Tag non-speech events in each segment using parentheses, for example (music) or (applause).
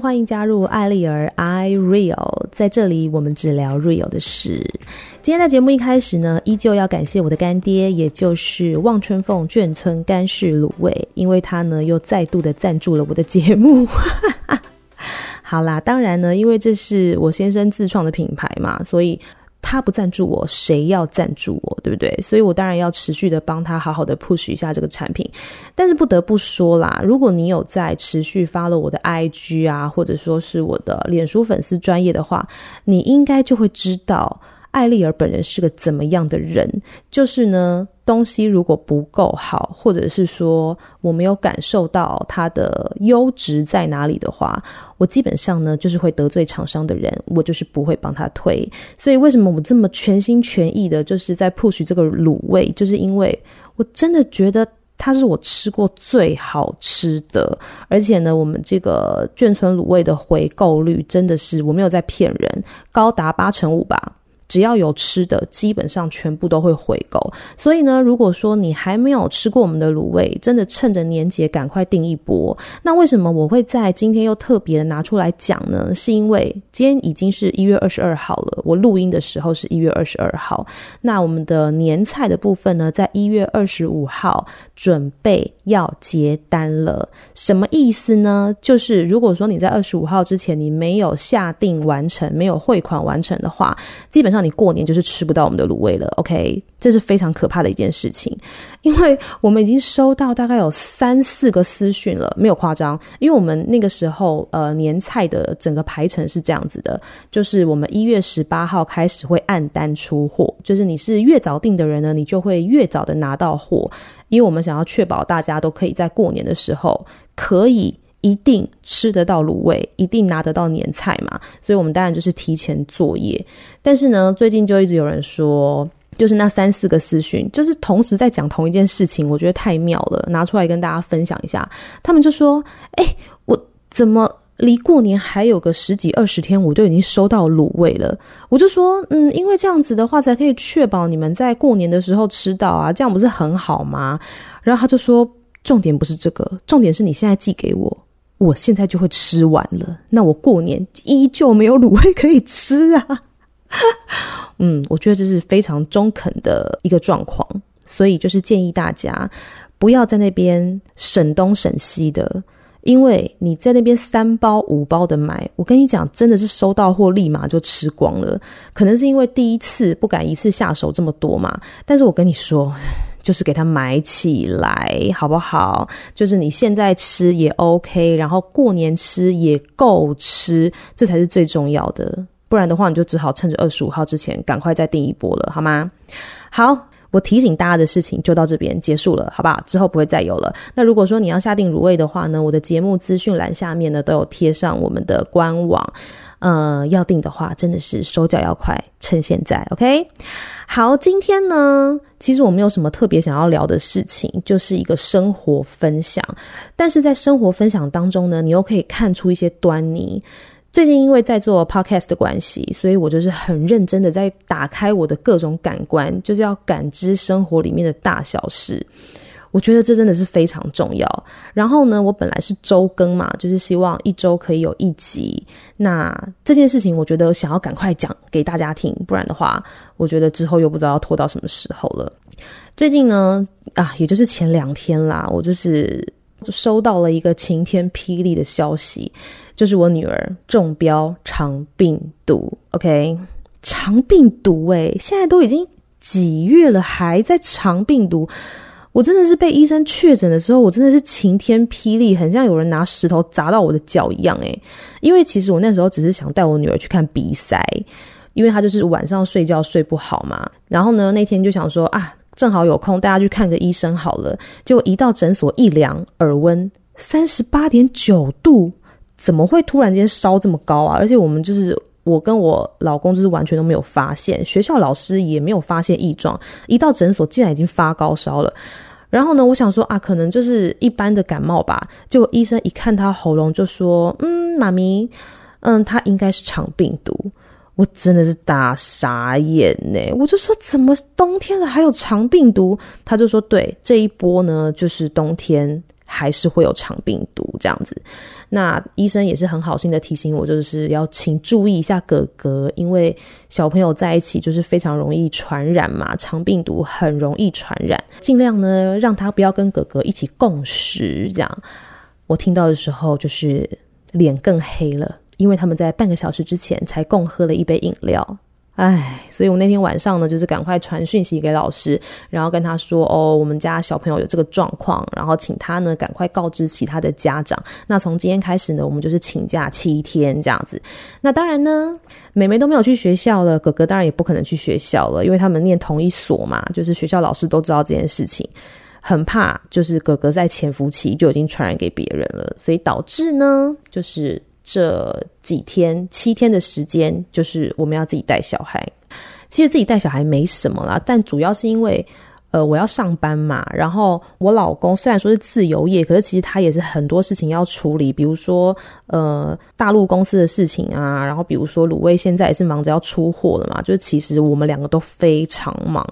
歡迎加入艾麗兒 I Real，在這裡我們只聊 Real 的事。今天的節目一開始呢，依舊要感謝我的乾爹，也就是旺春鳳眷村乾式滷味，因為他呢又再度的贊助了我的節目。 (laughs) 好啦，當然呢，因為這是我先生自創的品牌嘛，所以。他不贊助我，誰要贊助我，對不對？所以，我當然要持續的幫他好好的 push 一下這個產品。但是，不得不說啦，如果你有在持續 follow 我的 IG 啊，或者說是我的臉書粉絲專頁的話，你應該就會知道艾麗兒本人是個怎麼樣的人。就是呢。東西如果不夠好，或者是說我沒有感受到它的優質在哪裡的話，我基本上呢就是會得罪廠商的人，我就是不會幫他推。所以為什麼我這麼全心全意的，就是在 push 這個滷味，就是因為我真的覺得它是我吃過最好吃的，而且呢，我們這個卷存滷味的回購率真的是我沒有在騙人，高達八成五吧。只要有吃的，基本上全部都會回購。所以呢，如果說你還沒有吃過我們的滷味，真的趁着年節趕快訂一波。那為什麼我會在今天又特別的拿出來講呢？是因為今天已經是一月二十二號了，我錄音的時候是一月二十二號。那我們的年菜的部分呢，在一月二十五號準備要結單了。什麼意思呢？就是如果說你在二十五號之前你沒有下訂完成，沒有匯款完成的話，基本上。那你過年就是吃不到我們的滷味了，OK？這是非常可怕的一件事情，因為我們已經收到大概有三四個私訊了，沒有誇張。因為我們那個時候，呃，年菜的整個排程是這樣子的，就是我們一月十八號開始會按單出貨，就是你是越早訂的人呢，你就會越早的拿到貨，因為我們想要確保大家都可以在過年的時候可以。一定吃得到滷味，一定拿得到年菜嘛，所以我們當然就是提前作業。但是呢，最近就一直有人說，就是那三四個私訊，就是同時在講同一件事情，我覺得太妙了，拿出來跟大家分享一下。他們就說：“哎、欸，我怎麼離過年還有個十幾二十天，我就已經收到滷味了？”我就說：“嗯，因為這樣子的話，才可以確保你們在過年的時候吃到啊，這樣不是很好嗎？”然後他就說：“重點不是這個，重點是你現在寄給我。”我現在就會吃完了，那我過年依舊沒有滷味可以吃啊。 (laughs) 嗯，我覺得這是非常中肯的一個狀況，所以就是建議大家不要在那邊省東省西的，因為你在那邊三包五包的買，我跟你講，真的是收到貨立馬就吃光了。可能是因為第一次不敢一次下手這麼多嘛，但是我跟你說。就是給它買起來，好不好？就是你現在吃也 OK，然後過年吃也夠吃，這才是最重要的。不然的話，你就只好趁着二十五號之前趕快再訂一波了，好嗎？好，我提醒大家的事情就到這邊結束了，好不好？之後不會再有了。那如果說你要下定滷味的話呢，我的節目資訊欄下面呢都有貼上我們的官網。呃、嗯，要定的話，真的是手腳要快，趁現在。OK，好，今天呢，其實我沒有什麼特別想要聊的事情，就是一個生活分享。但是在生活分享當中呢，你又可以看出一些端倪。最近因為在做 Podcast 的關係，所以我就是很認真的在打開我的各種感官，就是要感知生活裡面的大小事。我覺得這真的是非常重要。然後呢，我本來是週更嘛，就是希望一週可以有一集。那這件事情，我覺得想要趕快講給大家聽，不然的話，我覺得之後又不知道要拖到什麼時候了。最近呢，啊，也就是前兩天啦，我就是收到了一個晴天霹靂的消息，就是我女兒中標腸病毒。OK，腸病毒哎、欸，現在都已經幾月了，還在腸病毒。我真的是被醫生確診的時候，我真的是晴天霹靂，很像有人拿石頭砸到我的腳一樣欸，因為其實我那時候只是想帶我女兒去看鼻塞，因為她就是晚上睡覺睡不好嘛。然後呢，那天就想說啊，正好有空，大家去看個醫生好了。結果一到診所一量耳溫三十八點九度，怎麼會突然間燒這麼高啊？而且我們就是。我跟我老公就是完全都沒有發現，學校老師也沒有發現異狀，一到診所竟然已經發高燒了。然後呢，我想說啊，可能就是一般的感冒吧。結果醫生一看他喉嚨，就說：“嗯，媽咪，嗯，他應該是腸病毒。”我真的是大傻眼呢。我就說怎麼冬天了還有腸病毒？他就說：“對，這一波呢就是冬天還是會有腸病毒這樣子。”那醫生也是很好心的提醒我，就是要請注意一下哥哥，因為小朋友在一起就是非常容易傳染嘛，腸病毒很容易傳染，盡量呢讓他不要跟哥哥一起共食，這樣。我聽到的時候就是臉更黑了，因為他們在半個小時之前才共喝了一杯飲料。唉，所以我那天晚上呢，就是趕快傳訊息給老師，然後跟他說，哦，我們家小朋友有這個狀況，然後請他呢趕快告知其他的家長。那從今天開始呢，我們就是請假七天這樣子。那當然呢，妹妹都沒有去學校了，哥哥當然也不可能去學校了，因為他們念同一所嘛，就是學校老師都知道這件事情，很怕就是哥哥在潛伏期就已經傳染給別人了，所以導致呢就是。這幾天七天的時間，就是我們要自己帶小孩。其實自己帶小孩沒什麼啦，但主要是因為，呃，我要上班嘛。然後我老公雖然說是自由業，可是其實他也是很多事情要處理，比如說呃大陸公司的事情啊，然後比如說滷味現在也是忙着要出貨了嘛。就是其實我們兩個都非常忙。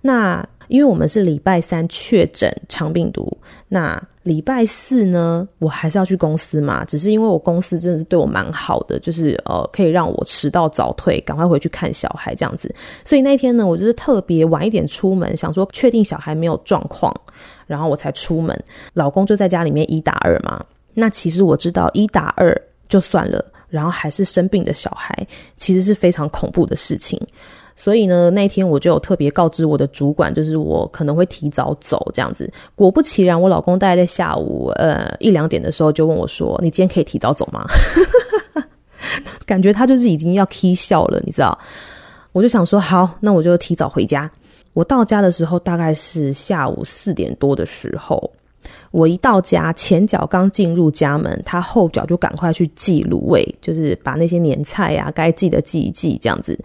那。因為我們是禮拜三確診腸病毒，那禮拜四呢，我還是要去公司嘛。只是因為我公司真的是對我蠻好的，就是呃，可以讓我遲到早退，趕快回去看小孩這樣子。所以那天呢，我就是特別晚一點出門，想說確定小孩沒有狀況，然後我才出門。老公就在家裡面一打二嘛。那其實我知道一打二就算了，然後還是生病的小孩，其實是非常恐怖的事情。所以呢，那一天我就有特別告知我的主管，就是我可能會提早走這樣子。果不其然，我老公大概在下午呃一兩點的時候就問我說：“你今天可以提早走嗎？” (laughs) 感覺他就是已經要起笑了，你知道？我就想說好，那我就提早回家。我到家的時候大概是下午四點多的時候。我一到家，前腳剛進入家門，他後腳就趕快去祭爐位。就是把那些年菜呀、啊、該祭的祭一祭。這樣子。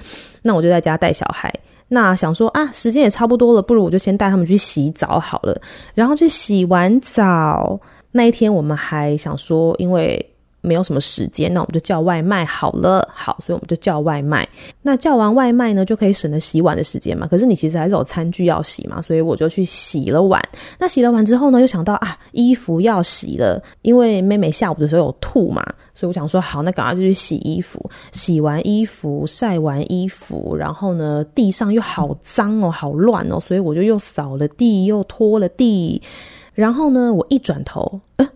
那我就在家帶小孩，那想說啊，時間也差不多了，不如我就先帶他們去洗澡好了。然後去洗完澡那一天，我們還想說，因為。沒有什麼時間，那我們就叫外賣好了。好，所以我們就叫外賣。那叫完外賣呢，就可以省得洗碗的時間嘛。可是你其實還是有餐具要洗嘛，所以我就去洗了碗。那洗了碗之後呢，又想到啊，衣服要洗了，因為妹妹下午的時候有吐嘛，所以我想說好，那趕快就去洗衣服。洗完衣服，曬完衣服，然後呢，地上又好髒哦，好亂哦，所以我就又掃了地，又拖了地。然後呢，我一轉頭。嗯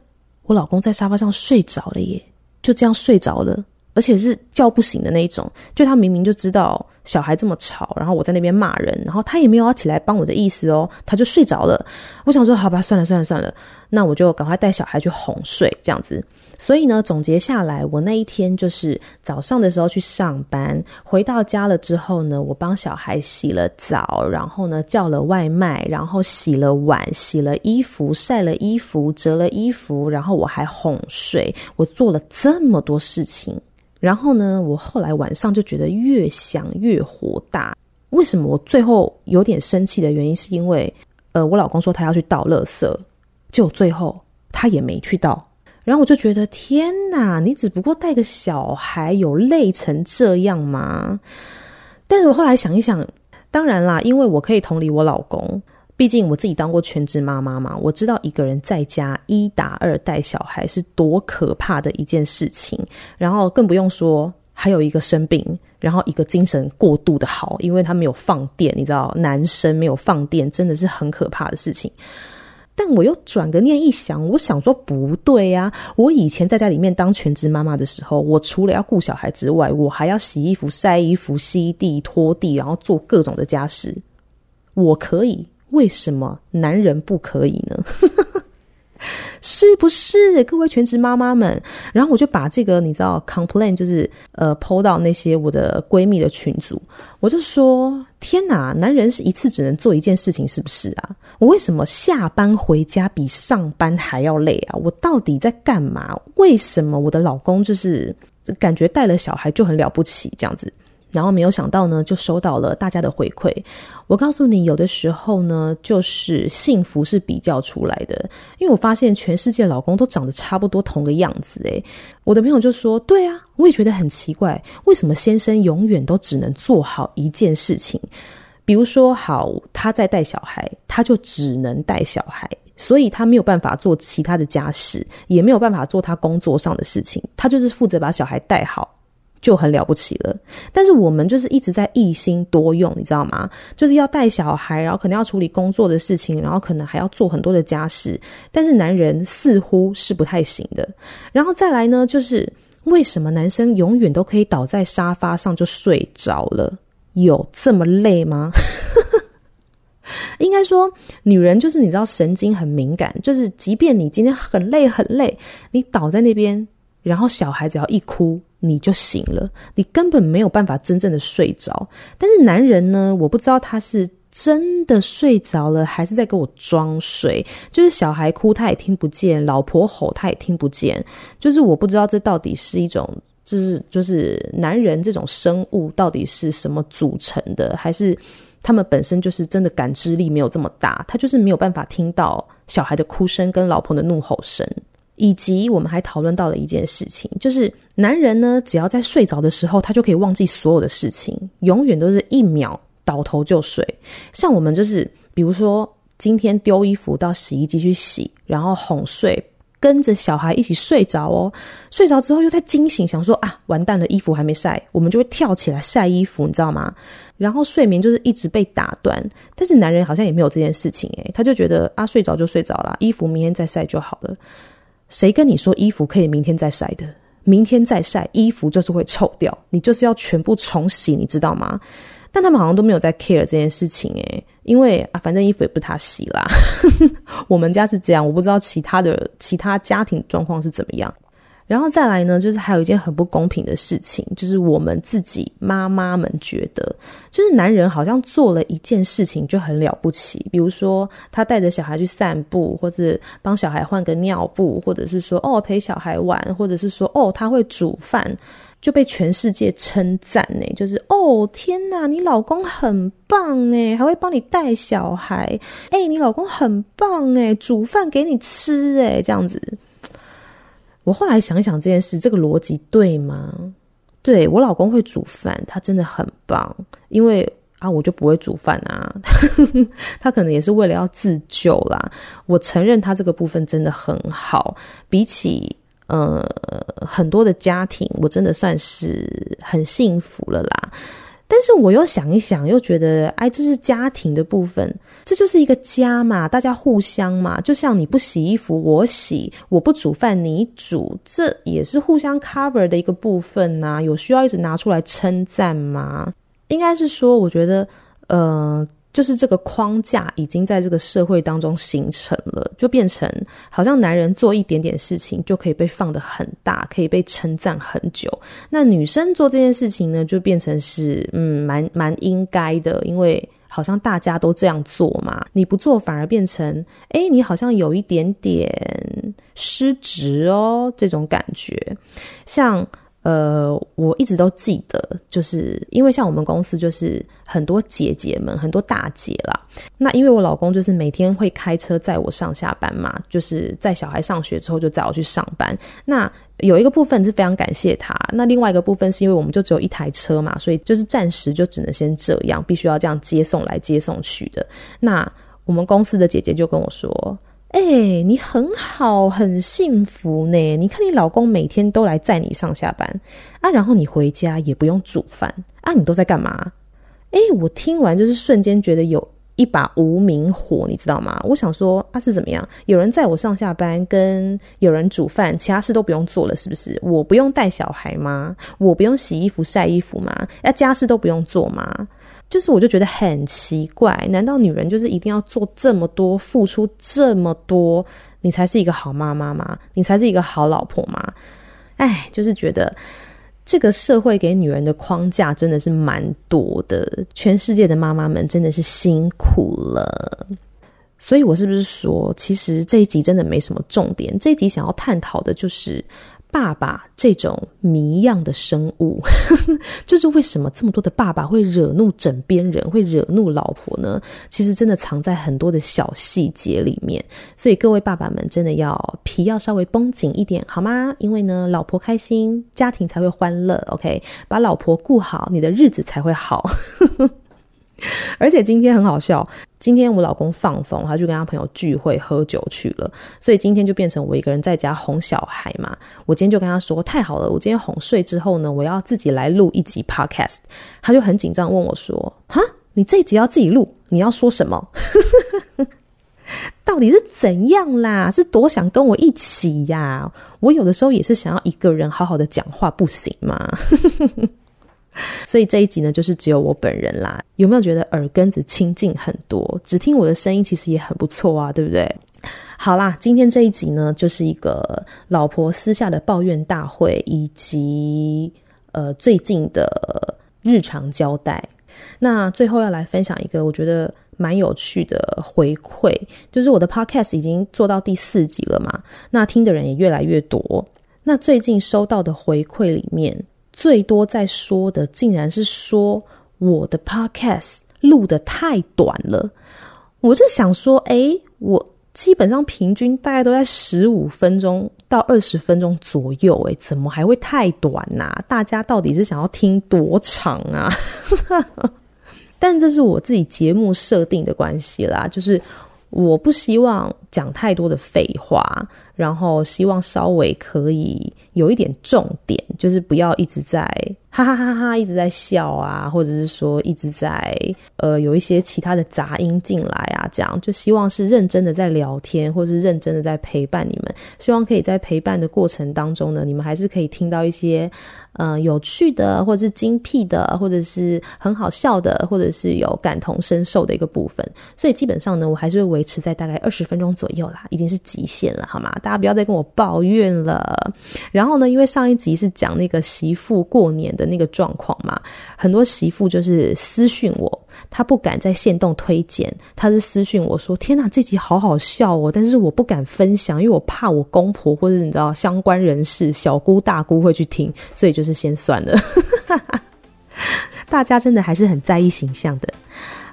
我老公在沙發上睡着了耶，也就這樣睡着了，而且是叫不醒的那一種。就他明明就知道。小孩這麼吵，然後我在那邊罵人，然後他也沒有要起來幫我的意思哦，他就睡着了。我想說，好吧，算了算了算了，那我就趕快帶小孩去哄睡這樣子。所以呢，總結下來，我那一天就是早上的時候去上班，回到家了之後呢，我幫小孩洗了澡，然後呢叫了外賣，然後洗了碗、洗了衣服、曬了衣服、折了衣服，然後我還哄睡，我做了這麼多事情。然後呢，我後來晚上就覺得越想越火大。為什麼我最後有點生氣的原因，是因為，呃，我老公說他要去倒垃圾，就最後他也沒去倒。然後我就覺得，天哪，你只不過帶個小孩，有累成這樣嗎？但是我後來想一想，當然啦，因為我可以同理我老公。畢竟我自己當過全職媽媽嘛，我知道一個人在家一打二帶小孩是多可怕的一件事情。然後更不用說還有一個生病，然後一個精神過度的好，因為他沒有放電，你知道，男生沒有放電真的是很可怕的事情。但我又轉個念一想，我想說不對呀，啊。我以前在家裡面當全職媽媽的時候，我除了要顧小孩之外，我還要洗衣服、曬衣服、洗地、拖地，然後做各種的家事，我可以。為什麼男人不可以呢？ (laughs) 是不是各位全職媽媽們？然後我就把這個你知道 complain 就是呃 po 到那些我的閨蜜的群組，我就說：天哪，男人是一次只能做一件事情，是不是啊？我為什麼下班回家比上班還要累啊？我到底在幹嘛？為什麼我的老公就是感覺帶了小孩就很了不起這樣子？然後沒有想到呢，就收到了大家的回饋。我告訴你，有的時候呢，就是幸福是比較出來的。因為我發現全世界老公都長得差不多，同個樣子。誒，我的朋友就說：“對啊，我也覺得很奇怪，為什麼先生永遠都只能做好一件事情？比如說好，好他在帶小孩，他就只能帶小孩，所以他沒有辦法做其他的家事，也沒有辦法做他工作上的事情，他就是負責把小孩帶好。”就很了不起了，但是我們就是一直在一心多用，你知道嗎？就是要帶小孩，然後可能要處理工作的事情，然後可能還要做很多的家事。但是男人似乎是不太行的。然後再來呢，就是為什麼男生永遠都可以倒在沙發上就睡着了？有這麼累嗎？ (laughs) 應該說，女人就是你知道，神經很敏感，就是即便你今天很累很累，你倒在那邊，然後小孩只要一哭。你就醒了，你根本沒有辦法真正的睡着。但是男人呢，我不知道他是真的睡着了，還是在給我裝睡。就是小孩哭他也聽不見，老婆吼他也聽不見。就是我不知道這到底是一種，就是就是男人這種生物到底是什麼組成的，還是他們本身就是真的感知力沒有這麼大，他就是沒有辦法聽到小孩的哭聲跟老婆的怒吼聲。以及我們還討論到了一件事情，就是男人呢，只要在睡着的時候，他就可以忘記所有的事情，永遠都是一秒倒頭就睡。像我們就是，比如說今天丟衣服到洗衣機去洗，然後哄睡，跟着小孩一起睡着哦。睡着之後又再驚醒，想說啊，完蛋了，衣服還沒曬，我們就會跳起來曬衣服，你知道嗎？然後睡眠就是一直被打斷，但是男人好像也沒有這件事情欸，他就覺得啊，睡着就睡着了，衣服明天再曬就好了。誰跟你說衣服可以明天再曬的？明天再曬衣服就是會臭掉，你就是要全部重洗，你知道嗎？但他們好像都沒有在 care 這件事情誒、欸，因為啊，反正衣服也不是他洗啦。 (laughs) 我們家是這樣，我不知道其他的其他家庭狀況是怎麼樣。然後再來呢，就是還有一件很不公平的事情，就是我們自己媽媽們覺得，就是男人好像做了一件事情就很了不起，比如說他帶着小孩去散步，或者幫小孩換個尿布，或者是說哦陪小孩玩，或者是說哦他會煮飯，就被全世界稱讚呢，就是哦天哪，你老公很棒呢，還會幫你帶小孩哎、欸，你老公很棒哎，煮飯給你吃哎，這樣子。我後來想想這件事，這個邏輯對嗎？對，我老公會煮飯，他真的很棒，因為啊，我就不會煮飯啊， (laughs) 他可能也是為了要自救啦。我承認他這個部分真的很好，比起呃很多的家庭，我真的算是很幸福了啦。但是我又想一想，又覺得，哎，這是家庭的部分，這就是一個家嘛，大家互相嘛，就像你不洗衣服我洗，我不煮飯你煮，這也是互相 cover 的一個部分吶。有需要一直拿出來稱讚嗎？應該是說，我覺得，呃。就是這個框架已經在這個社會當中形成了，就變成好像男人做一點點事情就可以被放得很大，可以被稱讚很久。那女生做這件事情呢，就變成是嗯，蠻蠻應該的，因為好像大家都這樣做嘛，你不做反而變成哎，你好像有一點點失職哦，這種感覺，像。呃，我一直都記得，就是因為像我們公司，就是很多姐姐們，很多大姐啦。那因為我老公就是每天會開車載我上下班嘛，就是在小孩上學之後就載我去上班。那有一個部分是非常感謝他，那另外一個部分是因為我們就只有一台車嘛，所以就是暫時就只能先這樣，必須要這樣接送來接送去的。那我們公司的姐姐就跟我說。哎、欸，你很好，很幸福呢。你看，你老公每天都來載你上下班啊，然後你回家也不用煮飯啊，你都在幹嘛？哎、欸，我聽完就是瞬間覺得有一把無名火，你知道嗎？我想說，啊，是怎麼樣？有人載我上下班，跟有人煮飯，其他事都不用做了，是不是？我不用帶小孩嗎？我不用洗衣服、曬衣服嗎？啊，家事都不用做嗎？就是，我就覺得很奇怪，難道女人就是一定要做這麼多，付出這麼多，你才是一個好媽媽嗎？你才是一個好老婆嗎？哎，就是覺得這個社會給女人的框架真的是蠻多的，全世界的媽媽們真的是辛苦了。所以，我是不是說，其實這一集真的沒什麼重點？這一集想要探討的就是。爸爸這種謎樣的生物， (laughs) 就是為什麼這麼多的爸爸會惹怒枕邊人，會惹怒老婆呢？其實真的藏在很多的小細節裡面，所以各位爸爸們真的要皮要稍微繃緊一點，好嗎？因為呢，老婆開心，家庭才會歡樂。OK，把老婆顧好，你的日子才會好。 (laughs) 而且今天很好笑，今天我老公放風，他就跟他朋友聚會喝酒去了，所以今天就變成我一個人在家哄小孩嘛。我今天就跟他說，太好了，我今天哄睡之後呢，我要自己來錄一集 podcast。他就很緊張問我說：“哈，你這一集要自己錄，你要說什麼？ (laughs) 到底是怎樣啦？是多想跟我一起呀、啊？我有的時候也是想要一個人好好的講話，不行嗎？” (laughs) 所以這一集呢，就是只有我本人啦。有沒有覺得耳根子清靜很多？只聽我的聲音，其實也很不錯啊，對不對？好啦，今天這一集呢，就是一個老婆私下的抱怨大會，以及呃最近的日常交代。那最後要來分享一個我覺得蠻有趣的回饋，就是我的 podcast 已經做到第四集了嘛，那聽的人也越來越多。那最近收到的回饋裡面。最多在說的，竟然是說我的 podcast 錄得太短了。我就想說，誒、欸、我基本上平均大概都在十五分鐘到二十分鐘左右、欸，誒怎麼還會太短呢？啊？大家到底是想要聽多長啊？ (laughs) 但這是我自己節目設定的關係啦，就是。我不希望講太多的廢話，然後希望稍微可以有一點重點，就是不要一直在哈哈哈哈一直在笑啊，或者是說一直在呃有一些其他的雜音進來啊。這樣就希望是認真的在聊天，或者是認真的在陪伴你們。希望可以在陪伴的過程當中呢，你們還是可以聽到一些，嗯、呃，有趣的，或者是精闢的，或者是很好笑的，或者是有感同身受的一個部分。所以基本上呢，我還是會維持在大概二十分鐘左右啦，已經是極限了，好嗎？大家不要再跟我抱怨了。然後呢，因為上一集是講那個媳婦過年的那個狀況嘛，很多媳婦就是私訊我，她不敢在限動推薦，她是。私訊我說：“天哪，這集好好笑哦！”但是我不敢分享，因為我怕我公婆或者你知道相關人士、小姑大姑會去聽，所以就是先算了。 (laughs) 大家真的還是很在意形象的。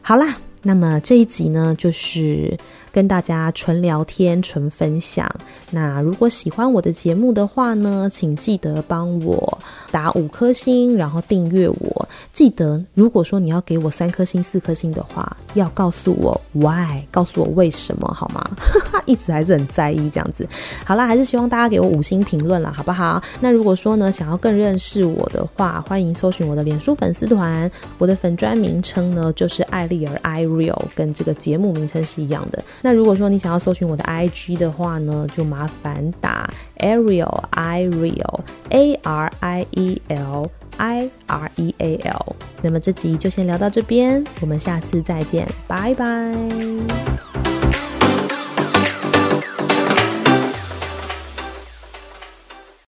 好啦，那麼這一集呢，就是。跟大家純聊天、純分享。那如果喜歡我的節目的話呢，請記得幫我打五顆星，然後訂閱我。記得，如果說你要給我三顆星、四顆星的話，要告訴我 why，告訴我為什麼好嗎？ (laughs) 一直還是很在意這樣子。好啦，還是希望大家給我五星評論啦，好不好？那如果說呢，想要更認識我的話，歡迎搜尋我的臉書粉絲團。我的粉專名稱呢，就是艾麗兒 （Ireal） 跟這個節目名稱是一樣的。那那如果說你想要搜尋我的 IG 的話呢，就麻煩打 Ariel，Ireal，A R I E L，I R E A L。那麼這集就先聊到這邊，我們下次再見，拜拜。